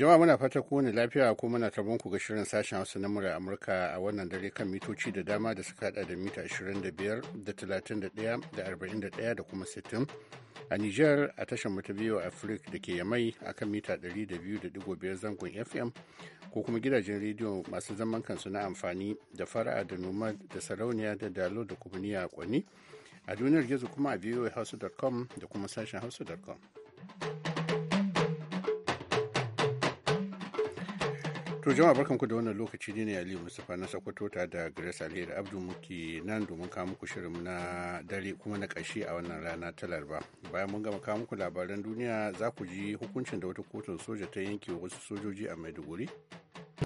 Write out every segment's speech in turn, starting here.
Jama'a muna fata ku ne lafiya ko muna tabon ku ga shirin sashen Hausa na murar Amurka a wannan dare kan mitoci da dama da suka hada da mita 25 da 31 da 41 da kuma 60. A Nijar a tashar mu ta biyu afirka da ke Yamai a kan mita 200.5 zangon FM ko kuma gidajen rediyo masu zaman kansu na amfani da fara'a da noma da sarauniya da dalo da kuma niya kwani. A duniyar gizo kuma a voahausa.com da kuma sashen hausa.com. To jama'a barkanku da wannan lokaci ne Ali Mustapha na Sokoto ta da Grace Alheri Abdu muke nan domin kawo muku shirin na dare kuma na ƙarshe a wannan rana ta Laraba. Bayan mun gama kawo muku labaran duniya za ku ji hukuncin da wata kotun soja ta yanke wasu sojoji a Maiduguri.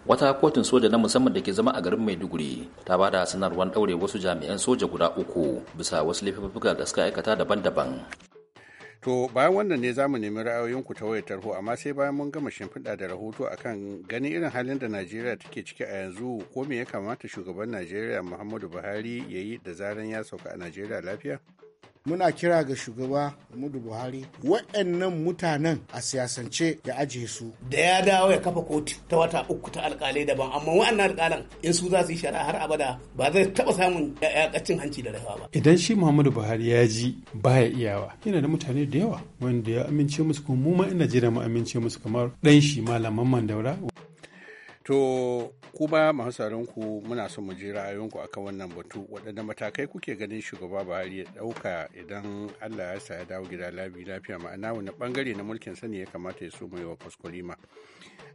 Wata kotun soja na musamman da ke zama a garin Maiduguri ta bada sanarwar daure wasu jami'an soja guda uku bisa wasu laifuka da suka aikata daban-daban To bayan wannan ne za mu nemi ra'ayoyinku ta wayar tarho amma sai bayan mun gama shimfiɗa da rahoto akan ganin irin halin da Najeriya take ciki a yanzu ko me ya kamata shugaban Najeriya Muhammadu Buhari ya yi da zaran ya sauka a Najeriya lafiya? muna kira ga shugaba Muhammadu Buhari waɗannan mutanen a siyasance ya ajiye su. Da ya dawo ya kafa kotu ta wata uku ta alƙalai daban amma waɗannan alƙalan in su za su yi shari'a har abada ba zai taɓa samun kacin hanci da rayuwa ba. Idan shi Muhammadu Buhari ya ji baya iyawa yana da mutane da yawa wanda ya amince musu kuma mu ma ina jira mu amince musu kamar ɗan shi malaman Mandaura. To kuma masu ku muna son mu ji ra'ayinku akan wannan batu waɗanne matakai kuke ganin shugaba Buhari ya ɗauka idan Allah ya sa ya dawo gida labi lafiya ma'ana wani ɓangare na mulkin sani ya kamata ya so mai wa kwaskwarima.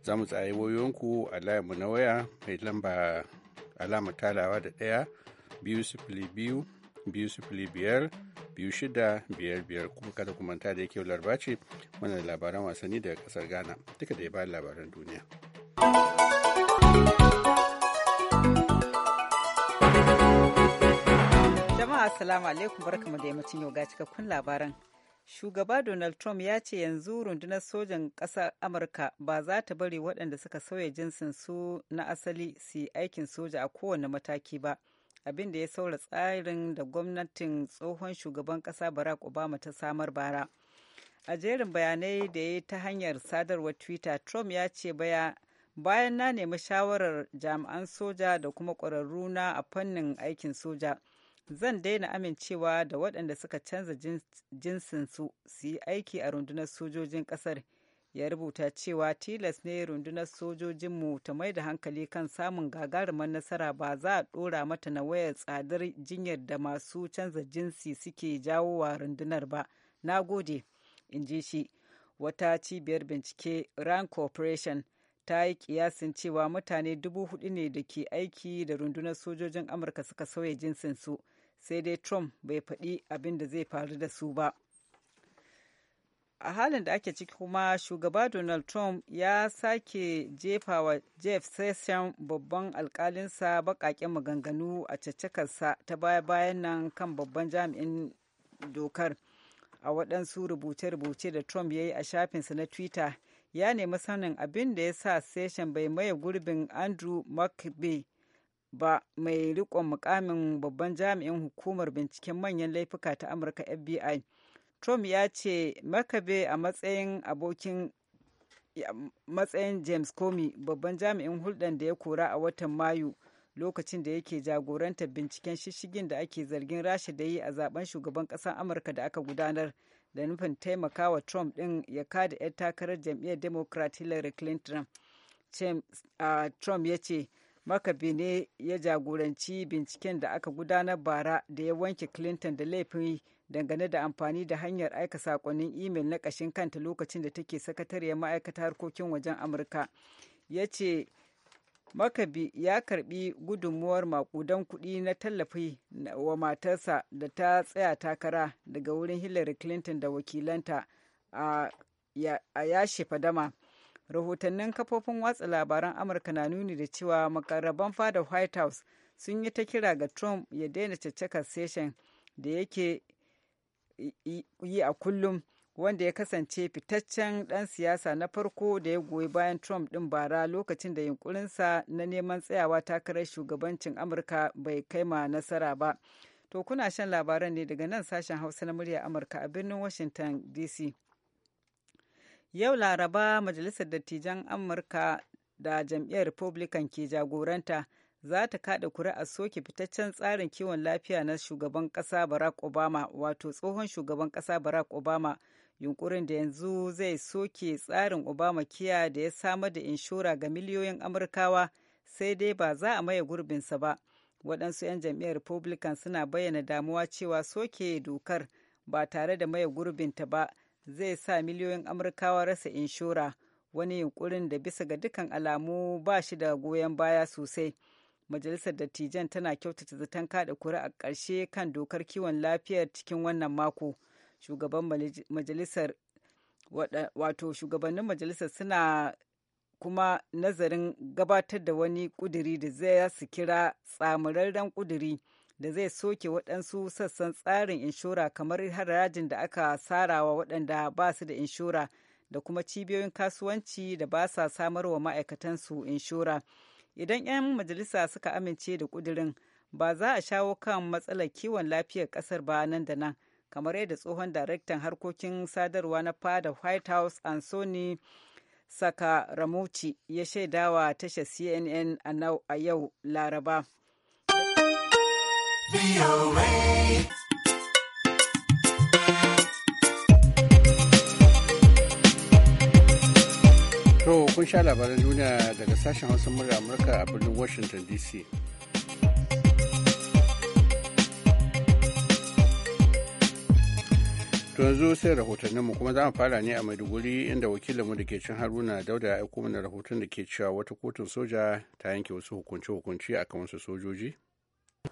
Za mu tsaye wayoyinku a layinmu na waya mai lamba alama talawa da ɗaya biyu sifili biyu biyu sifili biyar biyu shida biyar biyar kuma kada ku manta da yake larba ce da labaran wasanni daga ƙasar Ghana duka da ya ba labaran duniya. Assalamu alaikum barkamu da yammacin yau ga cikakkun labaran. Shugaba Donald Trump ya ce yanzu rundunar sojan ƙasar Amurka ba za ta bari waɗanda suka sauya jinsin su na asali su aikin soja a kowane mataki ba. Abin da ya saura tsarin da gwamnatin tsohon shugaban ƙasa Barack Obama ta samar bara. A jerin bayanai da ya ta hanyar sadarwar Twitter, Trump ya ce baya bayan na nemi shawarar jami'an soja da kuma ƙwararru na a fannin aikin soja. zan daina amincewa da waɗanda suka canza jinsinsu su yi aiki a rundunar sojojin ƙasar ya rubuta cewa tilas ne rundunar sojojinmu ta mai da hankali kan samun gagarumar nasara ba za a ɗora mata na wayar tsadar jinyar da masu canza jinsi suke jawo wa rundunar ba na gode in ji shi wata cibiyar bincike ran corporation ta yi kiyasin cewa mutane dubu hudu ne da ke aiki da rundunar sojojin amurka suka sauya jinsinsu sai dai trump bai faɗi abin da zai faru da su ba a halin da ake ciki kuma shugaba donald trump ya sake jefawa jeff sessions babban alkalinsa baƙaƙen maganganu a caccakarsa ta baya-bayan nan kan babban jami'in dokar a waɗansu rubuce-rubuce da trump ya yi a shafinsa na twitter ya nemi sanin abin da ya sa session bai maye gurbin andrew mcbee ba mai rikon mukamin babban jami'in hukumar binciken manyan laifuka ta amurka fbi trump ya ce makabe a matsayin abokin matsayin james comey babban jami'in hulɗar da ya kora a watan mayu lokacin da yake jagoranta binciken shishigin da ake zargin rasha da yi a zaben shugaban ƙasar amurka da aka gudanar da nufin taimakawa trump ɗin ya kada 'yar takarar jam'iyyar democrat hillary clinton trump ya ce ne ya jagoranci binciken da aka gudanar bara da ya wanke clinton da laifin dangane da amfani da hanyar aika sakonnin imel na ƙashin kanta lokacin da take sakatariyar ma'aikatar harkokin wajen amurka ya ce makabi ya karbi gudunmuwar makudan kuɗi na tallafi wa matarsa da ta tsaya takara daga wurin hillary clinton da wakilanta a yashe fadama rahotannin kafofin watsa labaran amurka na nuni da cewa makarraban fada white house sun yi ta kira ga trump ya daina caccakar session da yake yi a kullum wanda ya kasance fitaccen ɗan siyasa na farko da ya goyi bayan trump ɗin bara lokacin da yunkurinsa na neman tsayawa takarar shugabancin amurka bai kai ma nasara ba to kuna shan labaran ne daga nan sashen hausa na murya amurka a birnin washington dc Yau Laraba Majalisar Dattijan Amurka da jam'iyyar Republican ke jagoranta za ta kada kuri'a soke fitaccen tsarin kiwon lafiya na shugaban kasa Barack Obama wato tsohon shugaban kasa Barack Obama yunkurin da yanzu zai soke tsarin Obama kiya da ya samar da inshora ga miliyoyin Amurkawa sai dai ba za a maye gurbinsa ba. Waɗansu 'yan jam'iyyar Republican suna bayyana damuwa cewa soke dokar ba tare da maye gurbinta ba zai sa miliyoyin amurkawa rasa inshora wani yunkurin da bisa ga dukkan alamu ba shi da goyon baya sosai majalisar dattijan tana kyautata zaton kada a ƙarshe kan dokar kiwon lafiyar cikin wannan mako shugaban majalisar wato shugabannin majalisar suna kuma nazarin gabatar da wani kuduri da zai su kira tsamurarren kuduri da zai soke waɗansu sassan tsarin inshora kamar harajin da aka sarawa waɗanda ba su da inshora da kuma cibiyoyin kasuwanci da ba sa samar wa ma'aikatansu inshora idan 'yan majalisa suka amince da ƙudirin ba za a shawo kan matsalar kiwon lafiyar ƙasar ba nan da nan kamar yadda tsohon daraktan harkokin sadarwa na fada white house an anthony sakaramuci ya shaidawa tashar cnn a yau laraba To kun sha labaran duniya daga sashen hausa murya Amurka a birnin Washington DC. To yanzu sai rahotanninmu kuma za mu fara ne a Maiduguri inda wakilinmu da ke cin Haruna Dauda ya aiko mana rahoton da ke cewa wata kotun soja ta yanke wasu hukunce-hukunce kan wasu sojoji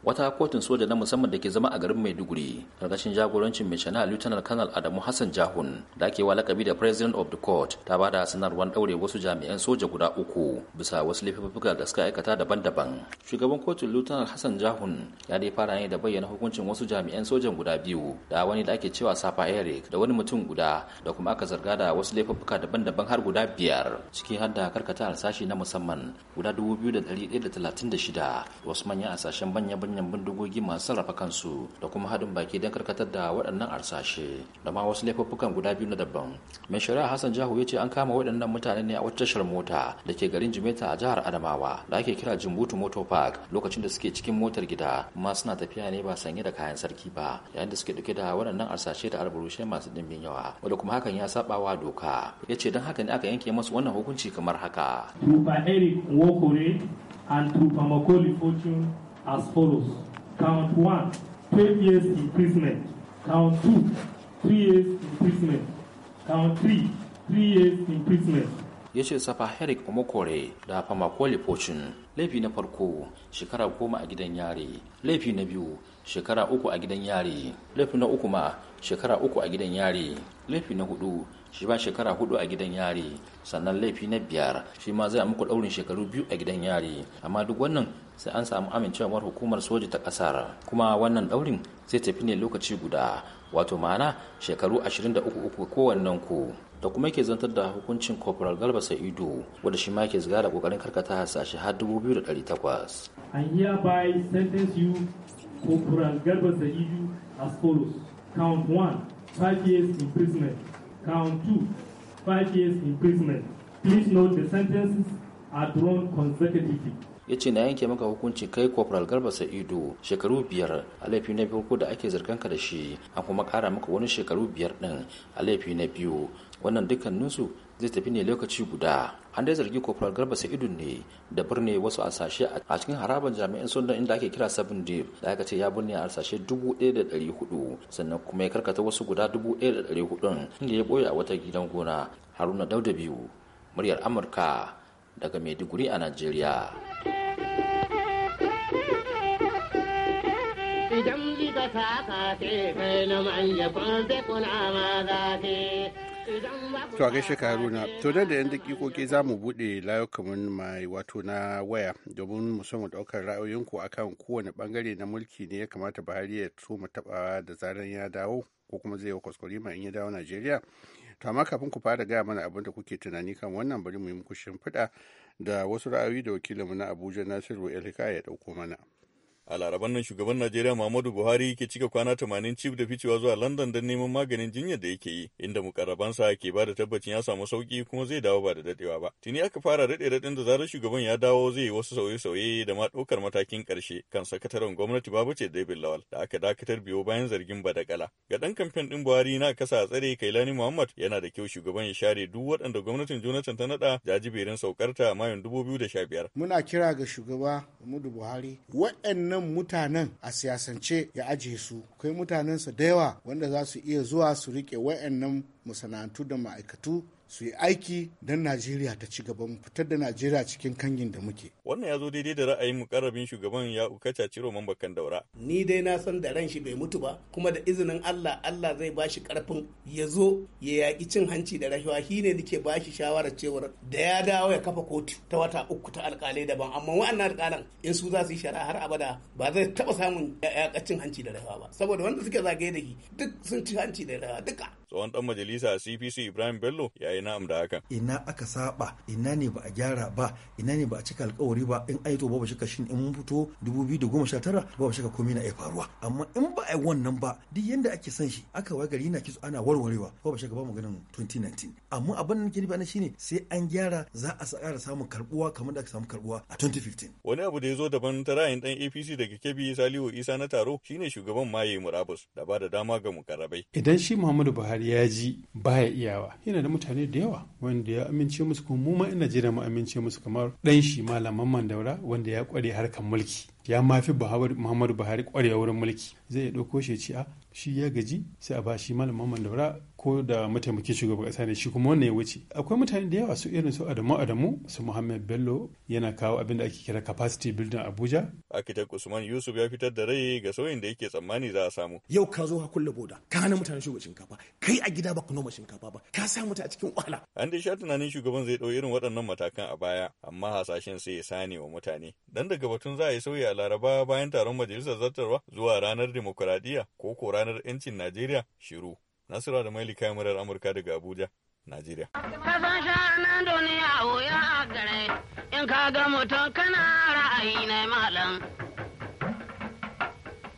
wata kotun soja na musamman da ke zama a garin maiduguri karkashin jagorancin mai shana lieutenant colonel adamu hassan jahun da ake lakabi da president of the court ta ba da sanarwar daure wasu jami'an soja guda uku bisa wasu laifuffuka da suka aikata daban-daban shugaban kotun lieutenant hassan jahun ya dai fara ne da bayyana hukuncin wasu jami'an sojan guda biyu da wani da ake cewa safa eric da wani mutum guda da kuma aka zarga da wasu laifuffuka daban-daban har guda biyar ciki har da karkata harsashi na musamman guda dubu biyu da da shida wasu manyan hasashen banyan 'yan manyan bindigogi masu sarrafa kansu da kuma haɗin baki don karkatar da waɗannan arsashe da ma wasu laifuffukan guda biyu na daban mai shari'a hassan jahu ya ce an kama waɗannan mutane ne a wacce tashar mota da ke garin jimeta a jihar adamawa da ake kira jimbutu moto park lokacin da suke cikin motar gida kuma suna tafiya ne ba sanye da kayan sarki ba yayin da suke ɗauke da waɗannan arsashe da alburushe masu ɗimbin yawa wanda kuma hakan ya saba wa doka ya ce don haka ne aka yanke masu wannan hukunci kamar haka. Tufa Eric Wokore and Tufa Makoli Fortune as follows. Count one, 10 years imprisonment. Count two, three years imprisonment. Count three, three years imprisonment. ya ce safa herik omokore da fama famakoli fortune laifi na farko shekara goma a gidan yare laifi na biyu shekara uku a gidan yare laifi na uku ma shekara uku a gidan yare laifi na hudu shi ba shekara hudu a gidan yari sannan laifi na biyar shi ma zai muku daurin shekaru biyu a gidan yari amma duk wannan sai an samu amincewar hukumar soja ta kasar kuma wannan daurin zai tafi ne lokaci guda wato ma'ana shekaru 23 uku kowannen ku da kuma yake zantar da hukuncin corporal garba Saidu, wanda shi ma yake ziga da kokarin karkata hasashe har 2800 and hereby sentence you corporal garba sa'idu as follows count 1 5 years imprisonment Count 2, five years imprisonment. Please note the sentences are drawn consecutively. ya ce na yanke maka hukunci kai corporal garba sa'idu shekaru biyar a laifi na farko da ake ka da shi an kuma kara maka wani shekaru biyar din a laifi na biyu wannan dukkaninsu zai tafi ne lokaci guda an dai zargi kofar garba saidu ne da birne wasu asashe a cikin harabar jami'an sundan inda ake kira sabin da aka ce ya birne a asashe dubu ɗaya da ɗari hudu sannan kuma ya karkata wasu guda dubu ɗaya da ɗari hudu inda ya ɓoye a wata gidan gona haruna dauda biyu muryar amurka daga maiduguri a nigeria. idan To a gaishe ka Haruna, to da yan dakikoki za mu buɗe layukan mai wato na waya domin mu so mu ɗaukar ra'ayoyinku akan kowane bangare na mulki ne ya kamata Buhari ya so mu taɓa da zaran ya dawo ko kuma zai yi kwaskwari ma in ya dawo Najeriya. To amma kafin ku fara gaya mana abin da kuke tunani kan wannan bari mu yi muku shimfiɗa da wasu ra'ayoyi da wakilinmu na Abuja Nasiru Elika ya ɗauko mana. A laraban nan shugaban Najeriya Muhammadu Buhari ke cika kwana tamanin cif da ficewa zuwa London don neman maganin jinyar da yake yi, inda mukarrabansa ke ba da tabbacin ya samu sauki kuma zai dawo ba da dadewa ba. Tuni aka fara daɗe daɗin da zarar shugaban ya dawo zai yi wasu sauye-sauye da ma ɗaukar matakin ƙarshe kan sakataren gwamnati Babu ce da David Lawal da aka dakatar biyo bayan zargin badakala. Ga ɗan kamfen ɗin Buhari na kasa a tsare Kailani Muhammad yana da kyau shugaban ya share duk waɗanda gwamnatin Jonathan ta naɗa jajiberin saukarta a Mayun 2015. Muna kira ga shugaba Muhammadu Buhari waɗannan waɗannan mutanen a siyasance ya ajiye su akwai mutanensa da yawa wanda za su iya zuwa su riƙe waɗannan masana'antu da ma'aikatu su yi aiki don Najeriya ta ci gaba mu fitar da Najeriya cikin kangin da muke. Wannan ya zo daidai da ra'ayin mukarrabin shugaban ya ukaca ciro man bakan daura. Ni dai na san da ran shi bai mutu ba kuma da izinin Allah Allah zai ba shi karfin ya zo ya yaƙi cin hanci da rashawa shi ne nake ba shi shawarar cewar da ya dawo ya kafa kotu ta wata uku ta alkalai daban amma wa'annan alkalan in su za su yi shari'a har abada ba zai taɓa samun yaƙa cin hanci da rashawa ba saboda wanda suke zagaye da shi duk sun ci hanci da rashawa duka. tsohon dan majalisa a cpc ibrahim bello ya yi na'am da hakan. ina aka saba ina ne ba a gyara ba ina ne ba a cika alkawari ba in aito ba ba ka shin in mun fito 2019 ba ba ka komai na ai faruwa amma in ba a yi wannan ba duk yadda ake san shi aka wa gari na kitso ana warwarewa ba ba ka ba maganin 2019 amma abin da nake nufi shine sai an gyara za a ƙara samun karbuwa kamar da aka samu karbuwa a 2015 wani abu da ya zo daban ta ra'ayin dan apc daga kebi salihu isa na taro shine shugaban maye murabus da ba da dama ga mukarrabai idan shi muhammadu buhari har ya ji baya iyawa yana da mutane da yawa wanda ya amince musu kuma mu ma ina jira mu amince musu kamar dan shi malaman Mandaura wanda ya kware harkan mulki ya mafi Muhammadu Buhari kwarewa wurin mulki zai ya dauko shi ya ce a ah, shi ya gaji sai a ba shi malaman Mandaura ko da mataimakin shugaban kasa ne shi kuma wannan ya wuce akwai mutane da yawa su irin su Adamu Adamu su Muhammad Bello yana kawo abin da ake kira capacity building Abuja architect Usman Yusuf ya fitar da rai ga sauyin da yake tsammani za a samu yau ka zo ka kulle boda ka hana mutane shugaban shinkafa kai a gida ba ku noma shinkafa ba ka sa mutane a cikin wahala an dai sha tunanin shugaban zai dau irin waɗannan matakan a baya amma hasashen sai ya sani wa mutane dan daga batun za a yi sauyi a Laraba bayan taron majalisar zartarwa zuwa ranar dimokuraɗiyya ko ko ranar 'yancin Najeriya shiru Nasiru da Malika murar Amurka daga Abuja, Najeriya. Kasan sha'anan duniya wuya a gare, in ka ga mutum kana ra'ayi ne malam.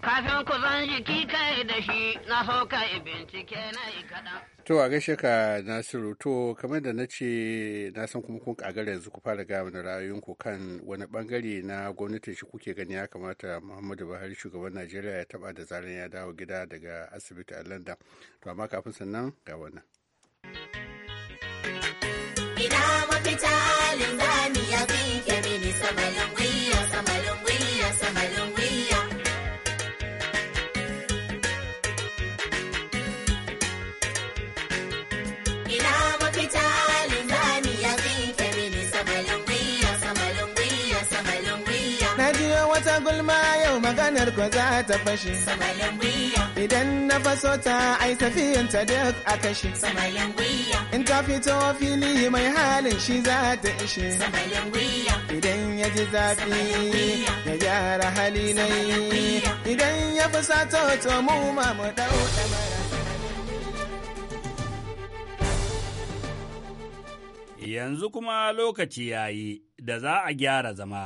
kafin ku zan jiki kai da shi na so ka bincike na yi kaɗan. To a gaishe ka Nasiru to kamar da na ce na san kuma kun kagara yanzu ku fara gaya mana ra'ayoyinku kan wani bangare na gwamnatin shi kuke gani ya kamata Muhammadu Buhari shugaban Najeriya ya taba da zaran ya dawo gida daga asibiti a London. To amma kafin sannan ga wannan. Ina mafita gani ya fi kemini sama wata gulma yau maganar ko za ta fashe. Idan na faso ta ai tafiyan ta duk a kashe. In ta fito fili mai halin shi za ta ishe. Idan ya ji zafi ya gyara hali na yi. Idan ya fi sato to mu ma mu dau Yanzu kuma lokaci yayi da za a gyara zama.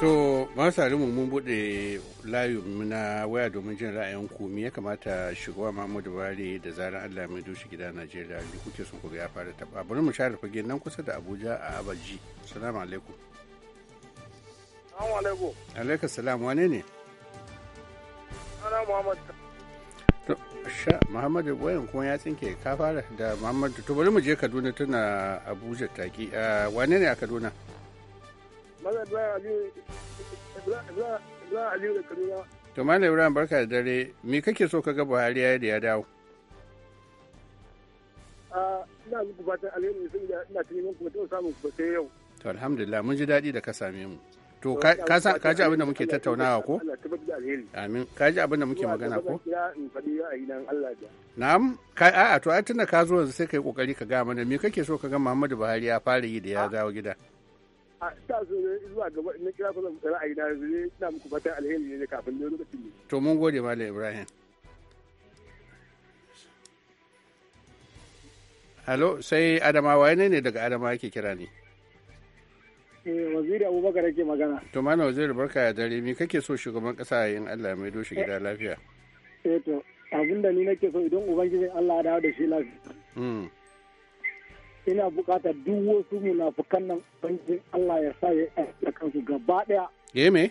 To masu mu mun buɗe layu na waya domin jin ra'ayin ku me ya kamata shugaba Muhammadu Buhari da zarar Allah mai dushi gida Najeriya da kuke son ku ya fara taba. Bari mu share fage nan kusa da Abuja a Abaji. Assalamu alaikum. Assalamu alaikum. Alaikum salam wane ne? To sha Muhammadu wayan kuma ya tsinke ka fara da Muhammadu. To bari mu je Kaduna tana Abuja take. Ah, wane ne a Kaduna? Maza Ibrahim Aliyu da To Malam Ibrahim barka da dare, me kake so ka ga Buhari ya da ya dawo? Ah, ina muku fatan alheri sun da ina ta kuma ta samun ku sai yau. To alhamdulillah mun ji daɗi da ka same mu. To ka ji abin da muke tattaunawa ko? Amin. Ka ji abin da muke magana ko? Na'am. A'a to ai tunda ka zo yanzu sai ka yi kokari ka ga mana me kake so ka ga Muhammadu Buhari ya fara yi da ya ah. dawo gida. ta zo ne zuwa gaba in kira ku zan ra'ayi na zai ina muku fatan alheri ne kafin ne lokacin ne to mun gode malam ibrahim Halo, sai Adama, ne ne daga Adama yake kira ne? Eh, waziri Abubakar yake magana. To mana waziri barka ya dare, me kake so shugaban kasa yin Allah mai doshi gida lafiya? Eh to, abin da ni nake so idan ubangiji Allah ya dawo da shi lafiya. Hmm. ina bukatar duk wasu munafukan nan bankin Allah ya sa ya da kansu gaba daya Ye me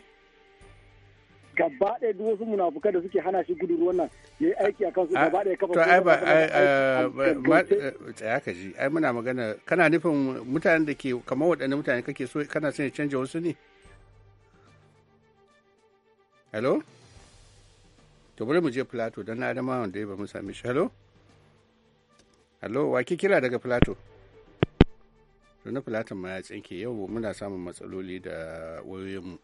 gaba daya duk wasu munafukan da suke hana shi gudun ruwan nan ya yi aiki a kansu gaba daya kafa to ai ba eh, eh, tsaya ka ji ai muna magana kana nufin mutanen da ke kamar waɗanne mutane kake so kana son ya canja wasu ne hello to bari mu je plato don na adama wanda ya ba mu sami shi hello hello wa ki kira daga plato to na filatin ma ya tsinke yau muna samun matsaloli da wayoyinmu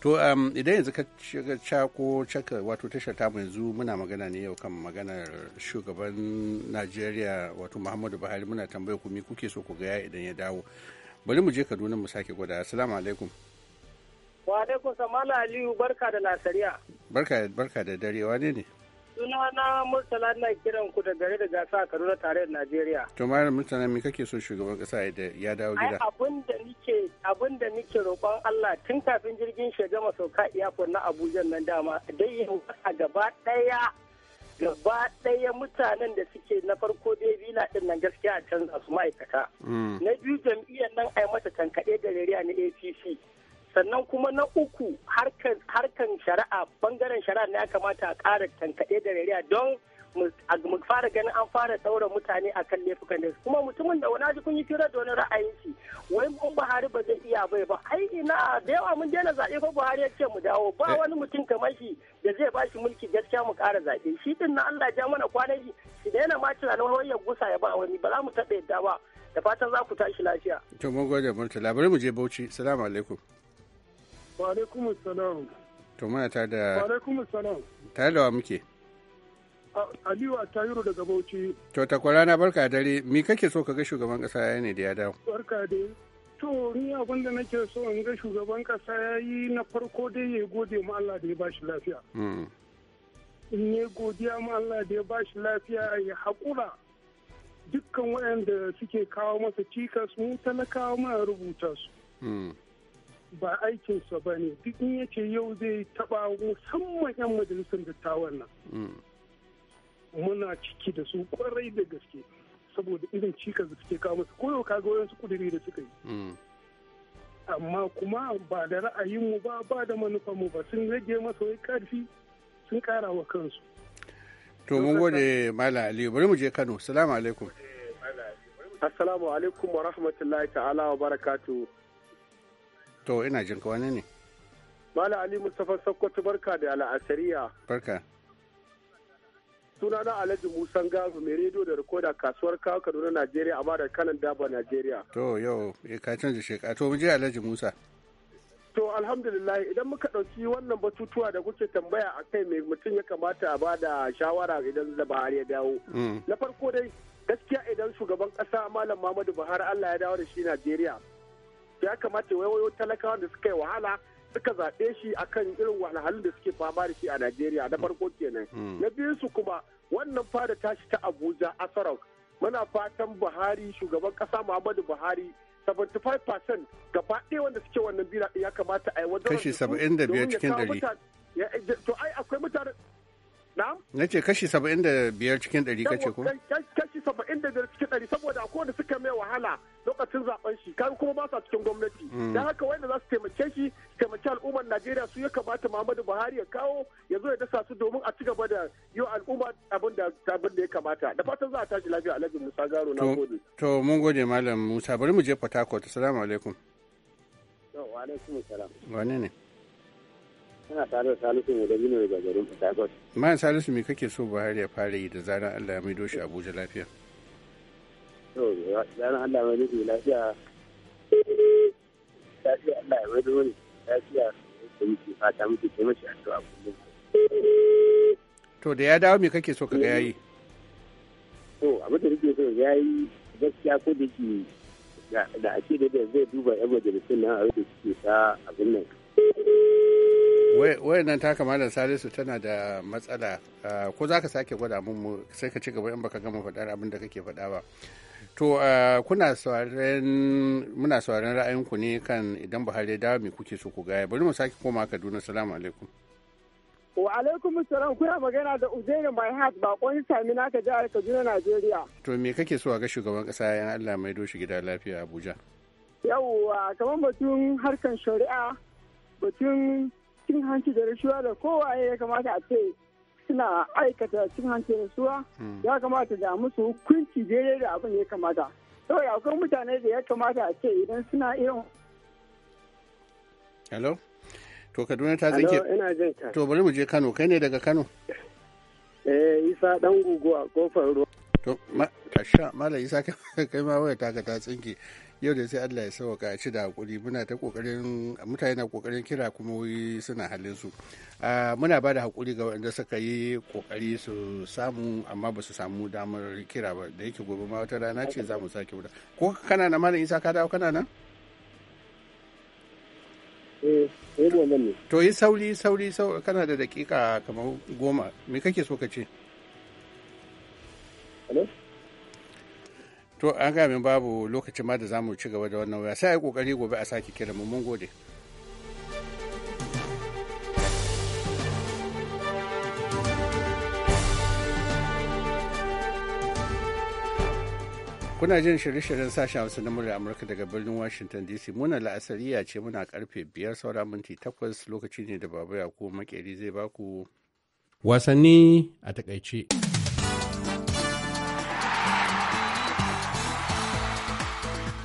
to um, idan yanzu ka shiga ko caka wato tashar mu yanzu muna magana ne yau kan maganar shugaban najeriya wato muhammadu buhari muna tambaya ku me kuke so ku gaya idan ya dawo bari mu je kaduna mu sake gwada assalamu alaikum wa alaikum samala aliyu barka da lasariya barka barka da dare wane ne suna na murtala na kiran ku da gare da gasa a kaduna da najeriya to malam murtala me kake so shugaban kasa ya dawo gida abin da nike abin da nike roƙon allah tun kafin jirgin shi gama sauka iyakon na abuja nan dama dai yin a gaba daya gaba daya mutanen da suke na farko da bila din nan gaskiya a canza su ma'aikata mm. na biyu jam'iyyar nan ai mata tankaɗe da rariya na apc sannan kuma na uku harkan shari'a bangaren shari'a ne ya kamata a ƙara tankaɗe da rariya don mu fara ganin an fara ɗaura mutane a kan laifukan da kuma mutumin da wani kun yi fira da wani ra'ayin wai mun buhari ba zai iya bai ba ai ina da yawa mun daina zaɓe ko buhari ya ce mu dawo ba eh. wani mutum kamar shi da zai ba shi mulki gaskiya mu kara zaɓe shi din na allah ja mana kwanan shi shi da yana ma tunanin ya gusa ya ba wani ba za mu taɓa yadda ba da fatan za ku tashi lafiya. to mun gode mun labarai mu je bauchi salamu alaikum. Wa salam. To muna ta da Wa salam. Tare da wa muke? Aliyu a Tayiru daga Bauchi. To takwara na barka dare, me kake so ka ga shugaban kasa ya ne da ya dawo? Barka dai. To ni abin da nake so in ga shugaban kasa ya yi na farko dai ya gode ma Allah da ya bashi lafiya. Hmm. In ya godiya ma Allah da ya bashi lafiya ya haƙura dukkan waɗanda suke kawo masa cikas mu talakawa ma rubuta su. Hmm. ba aikinsa ba ne duk in yace yau zai taba musamman 'yan majalisar dattawan nan muna ciki da su kwarai da gaske saboda irin cikas da suke kawo masu koyo kaga wayansu kudiri da suka yi amma kuma ba da ra'ayinmu ba ba da mu ba sun rage masa wai karfi sun kara wa kansu to mun gode mala ali bari mu je kano salamu alaikum eh, assalamu alaikum wa rahmatullahi ta'ala wa barakatuh To ina jin ka wani ne? Mala Ali Mustapha Sokoto barka da al'asariya. Barka. Sunana Alhaji Musan Gazu mai rediyo da rikoda kasuwar kawo Kaduna Najeriya amma da kanan daba Najeriya. To yau eh, ka canza shekara to mu je Alhaji Musa. To alhamdulillah idan muka ɗauki wannan batutuwa da kuke tambaya a kai mai mutum ya kamata a bada shawara idan da Buhari ya dawo. Mm. Na farko dai gaskiya idan shugaban ƙasa Malam Muhammadu Buhari Allah ya dawo da shi Najeriya. ya kamata wayo talakawa da suka yi wahala suka zaɓe shi akan irin wahalhalun da suke fama da shi a Najeriya na farko kenan. Hmm. Na biyu su kuma wannan fada tashi ta Abuja a Asarok muna fatan Buhari shugaban ƙasa Muhammadu Buhari 75% gaba ɗaya wanda suke wannan bira ya kamata a yi wajen kashi 75 cikin 100 to ai akwai mutane na ce kashi 75 cikin 100 kace ko saba'in da biyar cikin ɗari saboda a kowanne suka mai wahala lokacin zaben shi kai kuma ba sa cikin gwamnati mm. dan haka wanda za su taimake shi taimaki al'ummar najeriya su ya kamata muhammadu buhari ya kawo ya zo ya dasa su domin a ci gaba da yau al'umma abin da abin da ya kamata da fatan za a tashi lafiya alhaji musa garo na gode to mun gode malam musa bari mu je port harcourt assalamu alaikum wa alaikum assalam wane ne Ina Salisu me kake so Buhari ya fara yi da zaran Allah ya maido shi Abuja lafiya? To, da ya dawo me kake so ka ga yayi? To, abin da nake so yi gaskiya ko da ke da ake da zai duba yan majalisun na a rufe suke sa abin nan. wayannan ta kama da salisu tana da matsala ah, ko za ka sake gwada mun sai ka ci gaba in baka gama faɗar abin da kake faɗa ba to ah, kuna sauraren muna sauraren ra'ayinku ne kan idan buhari ya dawo me kuke so ku gaya bari mu sake koma kaduna salamu alaikum wa alaikum salam kuna magana da uzairi my heart bakon sami naka jihar kaduna najeriya to me kake so a ga shugaban kasa yan allah mai doshi gida lafiya abuja yawwa kamar batun harkan shari'a batun cin hanci da rashuwa da kowaye ya kamata a ce suna aikata cin hanci da rashuwa hmm. ya kamata da musu hukunci daidai da abin ya kamata saboda akwai mutane da ya kamata a ce idan suna irin hello to kaduna ta tsinke ina jin ka to bari mu je kano kai ne daga kano eh isa dan guguwa kofar ruwa to ma isa kai ma waya ta ga ta tsinke yau da sai Allah ya sauka a ci da hakuri muna ta kokarin mutane na kokarin kira kuma suna halin su muna ba da hakuri ga waɗanda suka yi kokari su samu amma ba su samu damar kira ba da yake gobe ma wata rana ce za mu sake wuta ko kana na malam isa ka dawo kana nan eh, eh, to yi sauri sauri kana da dakika kamar goma me kake so ka ce to an gaya min babu lokacin ma da zamu mu ci gaba da wannan waya sai a yi kokari gobe a sake kira mu mun gode kuna jin shirye-shiryen sashen hausa na murya amurka daga birnin washington dc muna ya ce muna karfe biyar saura minti takwas lokaci ne da ya yakubu makeri zai baku wasanni a takaice.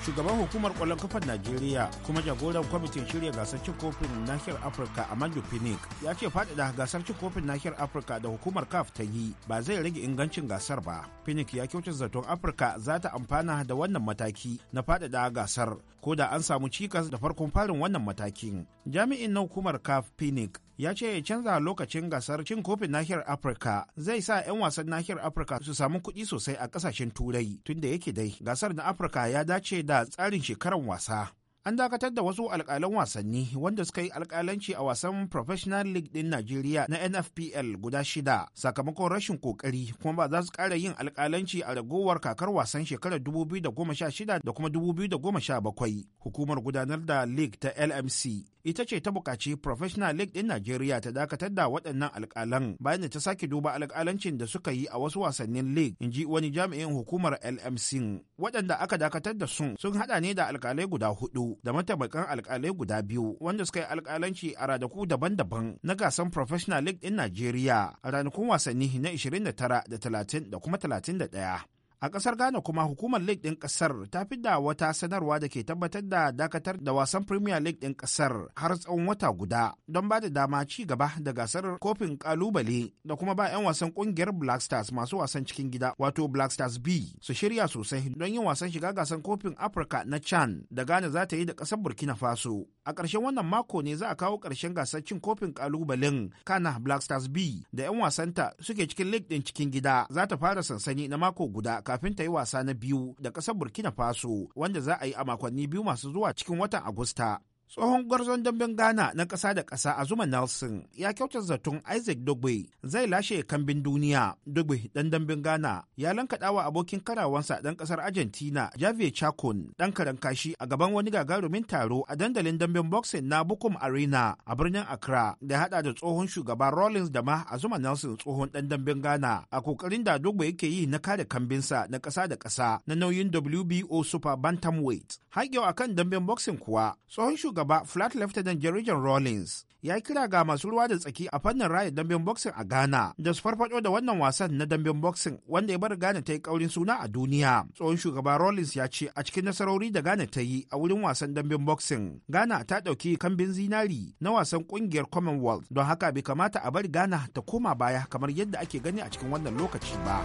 shugaban hukumar kwallon kafar najeriya kuma jagoran kwamitin shirya gasar cin kofin nahiyar afirka a maju phoenix ya ce faɗaɗa gasar cin kofin nahiyar afirka da hukumar caf ta yi ba zai rage ingancin gasar ba phoenix ya kyautar zaton afirka za ta amfana da wannan mataki na faɗaɗa gasar ko da an samu cikas da farkon farin wannan matakin jami'in na hukumar caf phoenix ya ce canza lokacin gasar cin kofin nahiyar afirka zai sa 'yan wasan nahiyar afirka su samu kuɗi sosai a ƙasashen turai tunda yake dai gasar na afirka ya dace da tsarin shekaran wasa an dakatar da wasu alkalan wasanni wanda suka yi alkalanci a wasan professional league din najeriya na nfpl guda shida sakamakon rashin kokari kuma ba za su ƙara yin alkalanci a ragowar kakar wasan shekarar 2016 da kuma 2017 hukumar gudanar da league ta lmc ita ce ta bukaci professional league ɗin najeriya ta dakatar da waɗannan alƙalan bayan da ta sake duba alƙalancin da suka yi a wasu wasannin league in ji wani jami'in hukumar lmc waɗanda aka dakatar da sun sun haɗa ne da alƙalai guda hudu da mataimakan alƙalai guda biyu wanda suka yi alƙalanci a radaku daban-daban na gasan professional league ɗin najeriya a ranakun wasanni na 29 da 30 da kuma 31 A kasar Ghana kuma hukumar League din kasar ta da wata sanarwa da ke tabbatar da dakatar da wasan Premier League din kasar har tsawon wata guda don ba da dama ci gaba da gasar kofin kalubale da kuma ba 'yan wasan kungiyar Black Stars masu wasan cikin gida wato Black Stars B su shirya sosai don yin wasan shiga gasar kofin Afirka na Chan da Ghana za ta yi da kasar Burkina Faso. A ƙarshen wannan mako ne za a kawo ƙarshen gasar cin kofin kalubalen Kana Black Stars B da 'yan wasanta suke cikin League din cikin gida za ta fara sansani na mako guda kafin ta yi wasa na biyu da ƙasar burkina faso wanda za a yi a makonni biyu masu zuwa cikin watan agusta tsohon gwarzon damben ghana na ƙasa da ƙasa a zuma nelson ya kyauta zaton isaac dogbe zai lashe kambin duniya dogbe dan damben ghana ya lankaɗawa abokin karawansa ɗan ƙasar argentina javier chacon ɗan karan kashi a gaban wani gagarumin taro a dandalin damben boxing na bukum arena a birnin accra da haɗa da tsohon shugaba rollins da ma a zuma nelson tsohon ɗan damben ghana a kokarin da dogbe yake yi na kare kambinsa na ƙasa da ƙasa na nauyin wbo super bantamweight har akan damben boxing kuwa tsohon shugaba shugaba flat lieutenant jerrigan rawlings ya kira ga masu ruwa da tsaki a fannin raya dambin boxing a ghana da su farfado da wannan wasan na dambin boxing wanda ya bar ghana ta yi kaurin suna a duniya tsohon shugaba rawlings ya ce a cikin nasarori da ghana ta yi a wurin wasan dambin boxing ghana ta ɗauki kambin zinari na wasan ƙungiyar commonwealth don haka bai kamata a bari ghana ta koma baya kamar yadda ake gani a cikin wannan lokaci ba.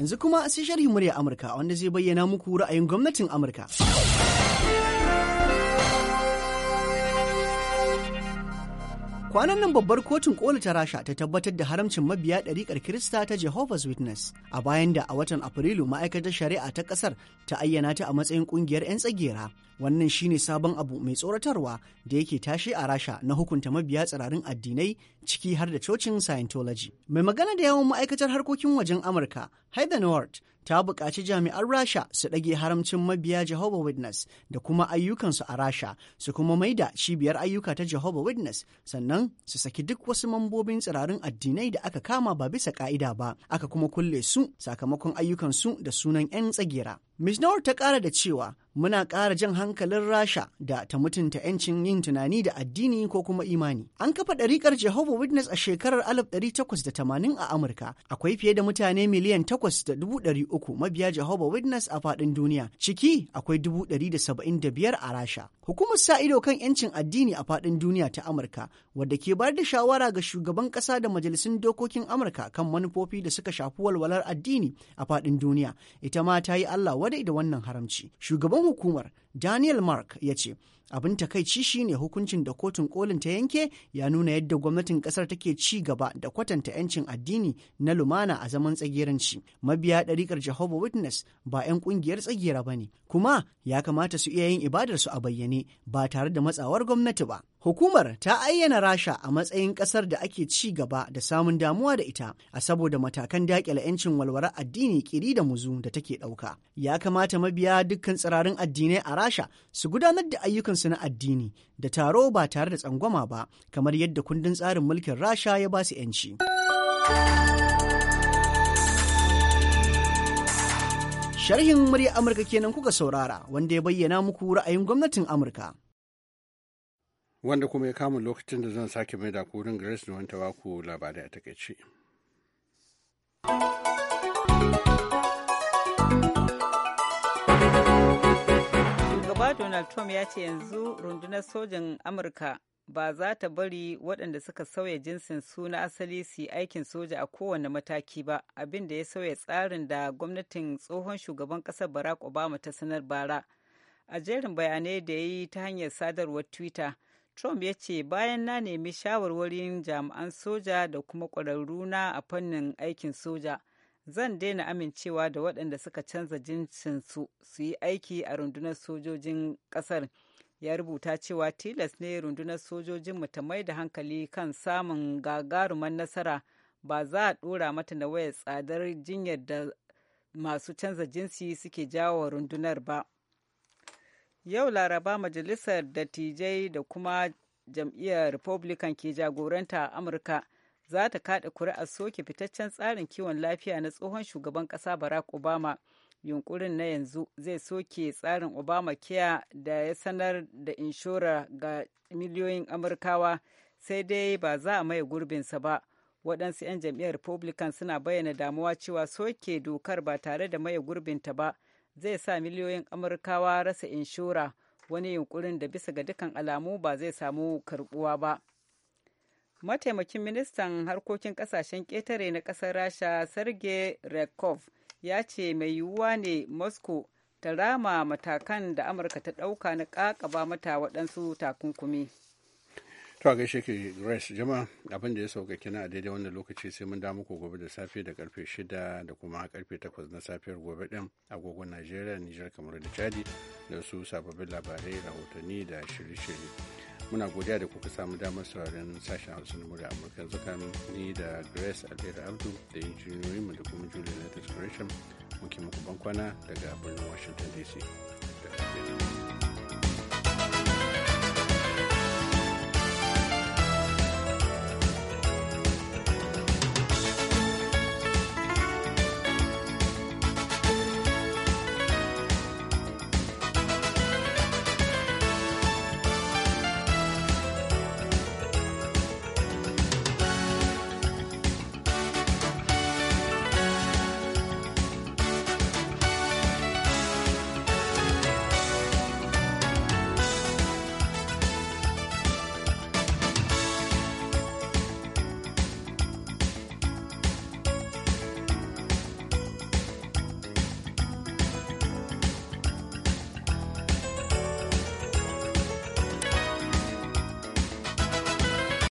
yanzu kuma sai sharhi murya Amurka wanda zai bayyana muku ra'ayin gwamnatin Amurka. Kwanan nan babbar kotun koli ta Rasha ta tabbatar da haramcin mabiya ɗariƙar Kirista ta Jehovah's Witness, a bayan da a watan Afrilu ma'aikatar shari'a ta ƙasar ta ayyana ta a matsayin ƙungiyar 'yan tsagera. wannan shine sabon abu mai tsoratarwa da yake tashi a rasha na hukunta mabiya tsirarin addinai ciki har da cocin scientology mai magana da yawan ma'aikatar harkokin wajen amurka heather nord ta buƙaci jami'an rasha su ɗage haramcin mabiya jehovah witness da kuma ayyukansu a rasha su kuma maida cibiyar ayyuka ta jehovah witness sannan su saki duk wasu mambobin tsirarin addinai da aka kama ba bisa ka'ida ba aka kuma kulle su sakamakon ayyukansu da sunan 'yan tsagera Mishnawar ta ƙara da cewa muna ƙara jan hankalin Rasha da ta mutunta 'yancin yin tunani da addini ko kuma imani. An kafa ɗariƙar Jehovah Witness a shekarar 1880 a Amurka. Akwai fiye da mutane miliyan 8,300 mabiya Jehovah Witness a faɗin duniya. Ciki akwai 175 a Rasha. Hukumar sa ido kan 'yancin addini a faɗin duniya ta Amurka wadda ke bayar da shawara ga shugaban ƙasa da majalisun dokokin Amurka kan manufofi da suka shafi walwalar addini a faɗin duniya. Ita ma ta yi Allah wadai da wannan haramci. Shugaban hukumar daniel mark ya ce abin takaici shine hukuncin da kotun kolin ta yanke ya nuna yadda gwamnatin kasar take ci gaba da kwatanta 'yancin addini na lumana a zaman tsagiranci mabiya ɗariƙar Jehova witness ba 'yan ƙungiyar tsagera ba ne kuma ya kamata su iya yin ibadarsu a bayyane ba tare da matsawar gwamnati ba hukumar ta ayyana rasha a matsayin ƙasar da ake ci gaba da samun damuwa da ita a saboda matakan daƙile 'yancin walwarar addini kiri da muzu da take ɗauka ya kamata mabiya dukkan tsirarin addinai a Rasha su gudanar da ayyukansu na addini da taro ba tare da tsangwama ba kamar yadda kundin tsarin mulkin Rasha ya ba su 'yanci. Sharhin murya Amurka kenan kuka saurara wanda ya bayyana muku ra'ayin gwamnatin Amurka. Wanda kuma ya kama lokacin da zan sake mai da kurin Grace da wanta labarai a takaice. Donald Trump ya ce yanzu rundunar sojin Amurka ba za ta bari waɗanda suka sauya jinsin suna asali su yi aikin soja a kowane mataki ba abin da ya sauya tsarin da gwamnatin tsohon shugaban ƙasar barack obama ta sanar bara a jerin bayanai da ya yi ta hanyar sadarwar twitter trump ya ce bayan na nemi shawarwarin jami'an soja da kuma ƙwararru na a fannin aikin soja zan daina amincewa da waɗanda suka canza jinsinsu su yi aiki a rundunar sojojin ƙasar ya rubuta cewa tilas ne rundunar sojojin ta mai da hankali kan samun gagaruman nasara ba za a ɗora mata na wayar tsadar jinyar da masu canza jinsi suke jawo rundunar ba yau laraba majalisar dattijai da kuma jam'iyyar republican ke jagoranta a amurka za ta kada kuri'ar soke fitaccen tsarin kiwon lafiya na tsohon shugaban kasa barack obama yunkurin na yanzu zai soke tsarin obama kiya da ya sanar da inshora ga miliyoyin amurkawa sai dai ba za a maye gurbinsa ba waɗansu 'yan jam'iyyar republican suna bayyana damuwa cewa soke dokar ba tare da maye gurbinta ba zai sa miliyoyin amurkawa rasa inshora wani yunkurin da bisa ga dukan alamu ba zai samu karbuwa ba mataimakin ministan harkokin kasashen ƙetare na ƙasar rasha sergei rekov ya ce mai yiwuwa ne moscow ta rama matakan da amurka ta ɗauka na ƙaƙaba mata waɗansu takunkumi to a gaishe ke grace jama abin ya sauka kina a daidai wannan lokaci sai mun da muku gobe da safe da karfe 6 da kuma karfe 8 na safiyar gobe din agogon najeriya nijar kamar da chadi da su sababbin labarai rahotanni da shirye-shirye muna godiya da kuka samu damar sauraron sashen hausa na murya amurka zukan ni da grace alheri abdu da injiniyoyin mu da kuma julia na desperation muke muku bankwana daga birnin washington dc da